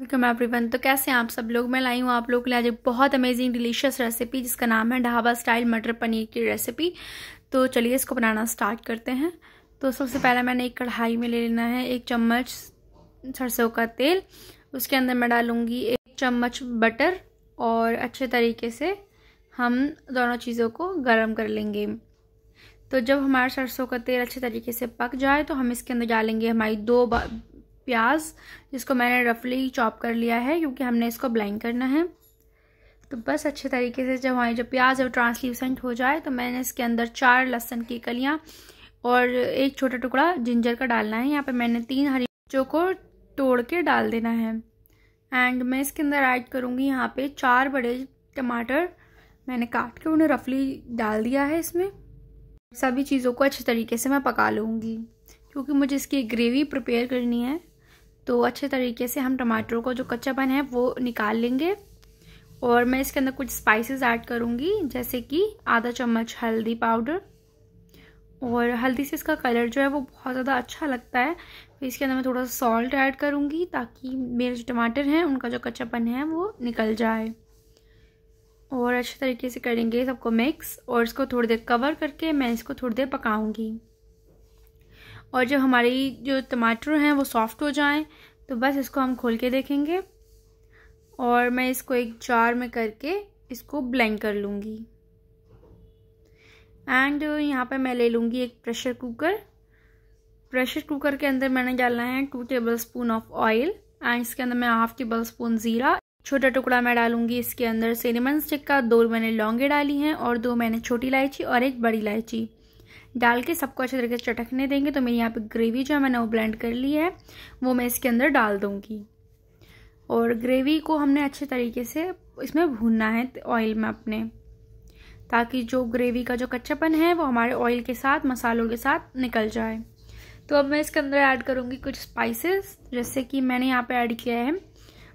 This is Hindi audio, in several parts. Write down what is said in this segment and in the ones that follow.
वेलकम एवरीवन तो कैसे हैं आप सब लोग मैं लाई हूँ आप लोग के लिए आज एक बहुत अमेजिंग डिलीशियस रेसिपी जिसका नाम है ढाबा स्टाइल मटर पनीर की रेसिपी तो चलिए इसको बनाना स्टार्ट करते हैं तो सबसे पहले मैंने एक कढ़ाई में ले लेना है एक चम्मच सरसों का तेल उसके अंदर मैं डालूँगी एक चम्मच बटर और अच्छे तरीके से हम दोनों चीज़ों को गर्म कर लेंगे तो जब हमारा सरसों का तेल अच्छे तरीके से पक जाए तो हम इसके अंदर डालेंगे हमारी दो प्याज जिसको मैंने रफली चॉप कर लिया है क्योंकि हमने इसको ब्लाइंड करना है तो बस अच्छे तरीके से जब हमारी जो प्याज है वो ट्रांसल्यूसेंट हो जाए तो मैंने इसके अंदर चार लहसन की कलियाँ और एक छोटा टुकड़ा जिंजर का डालना है यहाँ पर मैंने तीन हरी मिर्चों को तोड़ के डाल देना है एंड मैं इसके अंदर ऐड करूँगी यहाँ पे चार बड़े टमाटर मैंने काट के उन्हें रफली डाल दिया है इसमें सभी चीज़ों को अच्छे तरीके से मैं पका लूँगी क्योंकि मुझे इसकी ग्रेवी प्रिपेयर करनी है तो अच्छे तरीके से हम टमाटरों को जो कच्चापन है वो निकाल लेंगे और मैं इसके अंदर कुछ स्पाइसेस ऐड करूँगी जैसे कि आधा चम्मच हल्दी पाउडर और हल्दी से इसका कलर जो है वो बहुत ज़्यादा अच्छा लगता है फिर इसके अंदर मैं थोड़ा सा सॉल्ट ऐड करूँगी ताकि मेरे जो टमाटर हैं उनका जो कच्चापन है वो निकल जाए और अच्छे तरीके से करेंगे सबको मिक्स और इसको थोड़ी देर कवर करके मैं इसको थोड़ी देर पकाऊंगी और जब हमारी जो टमाटर हैं वो सॉफ़्ट हो जाएं तो बस इसको हम खोल के देखेंगे और मैं इसको एक जार में करके इसको ब्लेंड कर लूँगी एंड यहाँ पर मैं ले लूँगी एक प्रेशर कुकर प्रेशर कुकर के अंदर मैंने डालना है two tablespoon of oil and इसके अंदर मैं हाफ टेबल स्पून ज़ीरा छोटा टुकड़ा मैं डालूंगी इसके अंदर सिनेमन स्टिक का दो मैंने लौंगे डाली हैं और दो मैंने छोटी इलायची और एक बड़ी इलायची डाल के सबको अच्छे तरीके से चटकने देंगे तो मेरी यहाँ पे ग्रेवी जो है मैंने वो ब्लेंड कर ली है वो मैं इसके अंदर डाल दूँगी और ग्रेवी को हमने अच्छे तरीके से इसमें भूनना है ऑयल में अपने ताकि जो ग्रेवी का जो कच्चापन है वो हमारे ऑयल के साथ मसालों के साथ निकल जाए तो अब मैं इसके अंदर ऐड करूँगी कुछ स्पाइसेस जैसे कि मैंने यहाँ पे ऐड किया है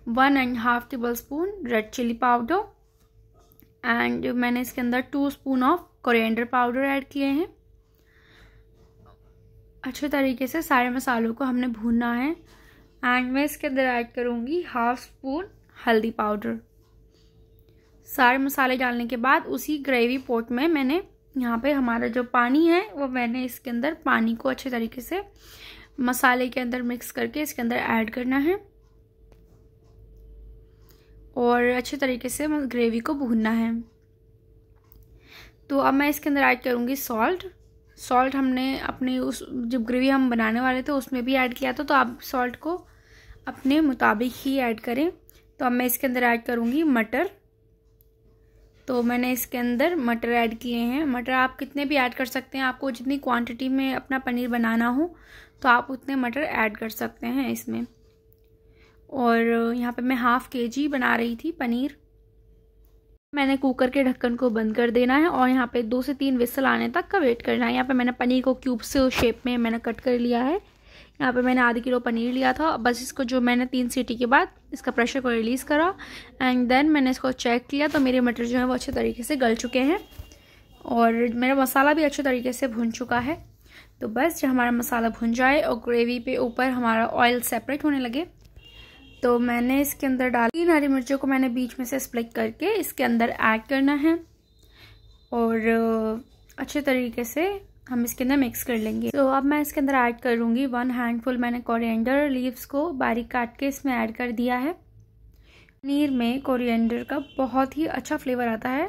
one and half tablespoon red chilli powder and मैंने इसके अंदर two spoon of coriander powder add किए हैं अच्छे तरीके से सारे मसालों को हमने भूनना है एंड मैं इसके अंदर ऐड करूँगी हाफ स्पून हल्दी पाउडर सारे मसाले डालने के बाद उसी ग्रेवी पोट में मैंने यहाँ पे हमारा जो पानी है वो मैंने इसके अंदर पानी को अच्छे तरीके से मसाले के अंदर मिक्स करके इसके अंदर ऐड करना है और अच्छे तरीके से ग्रेवी को भूनना है तो अब मैं इसके अंदर ऐड करूँगी सॉल्ट सॉल्ट हमने अपने उस जब ग्रेवी हम बनाने वाले थे उसमें भी ऐड किया था तो आप सॉल्ट को अपने मुताबिक ही ऐड करें तो अब मैं इसके अंदर ऐड करूँगी मटर तो मैंने इसके अंदर मटर ऐड किए हैं मटर आप कितने भी ऐड कर सकते हैं आपको जितनी क्वांटिटी में अपना पनीर बनाना हो तो आप उतने मटर ऐड कर सकते हैं इसमें और यहाँ पे मैं हाफ़ के जी बना रही थी पनीर मैंने कुकर के ढक्कन को बंद कर देना है और यहाँ पे दो से तीन विसल आने तक का वेट करना है यहाँ पे मैंने पनीर को क्यूब से शेप में मैंने कट कर लिया है यहाँ पे मैंने आधी किलो पनीर लिया था बस इसको जो मैंने तीन सीटी के बाद इसका प्रेशर को रिलीज़ करा एंड देन मैंने इसको चेक किया तो मेरे मटर जो है वो अच्छे तरीके से गल चुके हैं और मेरा मसाला भी अच्छे तरीके से भुन चुका है तो बस जब हमारा मसाला भुन जाए और ग्रेवी पे ऊपर हमारा ऑयल सेपरेट होने लगे तो मैंने इसके अंदर डाल तीन हरी मिर्चों को मैंने बीच में से स्प्लिक करके इसके अंदर ऐड करना है और अच्छे तरीके से हम इसके अंदर मिक्स कर लेंगे तो अब मैं इसके अंदर ऐड करूँगी वन हैंडफुल मैंने कोरिएंडर लीव्स को बारीक काट के इसमें ऐड कर दिया है पनीर में कोरिएंडर का बहुत ही अच्छा फ्लेवर आता है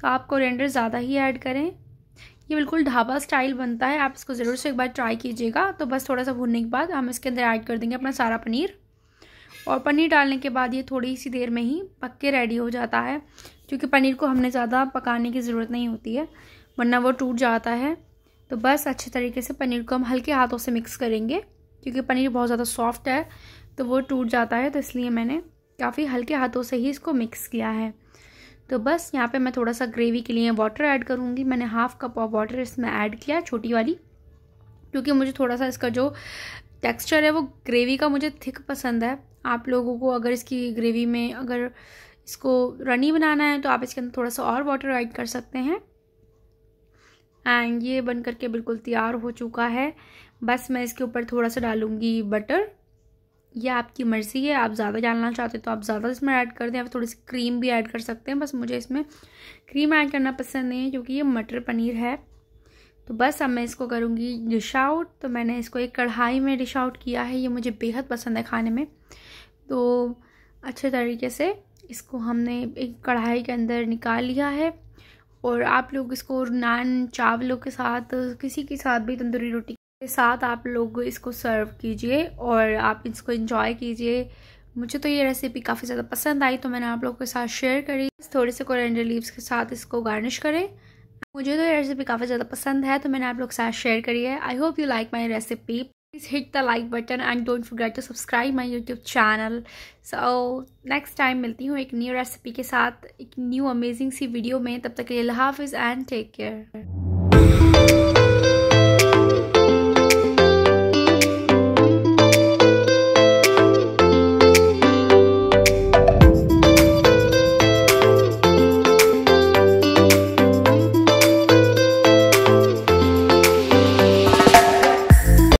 तो आप कोरिएंडर ज़्यादा ही ऐड करें ये बिल्कुल ढाबा स्टाइल बनता है आप इसको ज़रूर से एक बार ट्राई कीजिएगा तो बस थोड़ा सा भूनने के बाद हम इसके अंदर ऐड कर देंगे अपना सारा पनीर और पनीर डालने के बाद ये थोड़ी सी देर में ही पक के रेडी हो जाता है क्योंकि पनीर को हमने ज़्यादा पकाने की ज़रूरत नहीं होती है वरना वो टूट जाता है तो बस अच्छे तरीके से पनीर को हम हल्के हाथों से मिक्स करेंगे क्योंकि पनीर बहुत ज़्यादा सॉफ्ट है तो वो टूट जाता है तो इसलिए मैंने काफ़ी हल्के हाथों से ही इसको मिक्स किया है तो बस यहाँ पे मैं थोड़ा सा ग्रेवी के लिए वाटर ऐड करूँगी मैंने हाफ़ कप ऑफ वाटर इसमें ऐड किया छोटी वाली क्योंकि मुझे थोड़ा सा इसका जो टेक्स्चर है वो ग्रेवी का मुझे थिक पसंद है आप लोगों को अगर इसकी ग्रेवी में अगर इसको रनी बनाना है तो आप इसके अंदर थोड़ा सा और वाटर ऐड कर सकते हैं एंड ये बन करके बिल्कुल तैयार हो चुका है बस मैं इसके ऊपर थोड़ा सा डालूँगी बटर ये आपकी मर्ज़ी है आप ज़्यादा डालना चाहते हैं तो आप ज़्यादा इसमें ऐड कर दें आप थोड़ी सी क्रीम भी ऐड कर सकते हैं बस मुझे इसमें क्रीम ऐड करना पसंद नहीं है क्योंकि ये मटर पनीर है तो बस अब मैं इसको करूँगी डिश आउट तो मैंने इसको एक कढ़ाई में डिश आउट किया है ये मुझे बेहद पसंद है खाने में तो अच्छे तरीके से इसको हमने एक कढ़ाई के अंदर निकाल लिया है और आप लोग इसको नान चावलों के साथ किसी के साथ भी तंदूरी रोटी के साथ आप लोग इसको सर्व कीजिए और आप इसको इंजॉय कीजिए मुझे तो ये रेसिपी काफ़ी ज़्यादा पसंद आई तो मैंने आप लोगों के साथ शेयर करी थोड़े से कोरेंडर लीव्स के साथ इसको गार्निश करें मुझे तो ये रेसिपी काफ़ी ज़्यादा पसंद है तो मैंने आप लोग के साथ शेयर करी है I hope you like my recipe please hit the like button and don't forget to subscribe my YouTube channel so next time मिलती हूँ एक न्यू रेसिपी के साथ एक न्यू अमेजिंग सी वीडियो में तब तक के लिए हाफिज़ एंड टेक केयर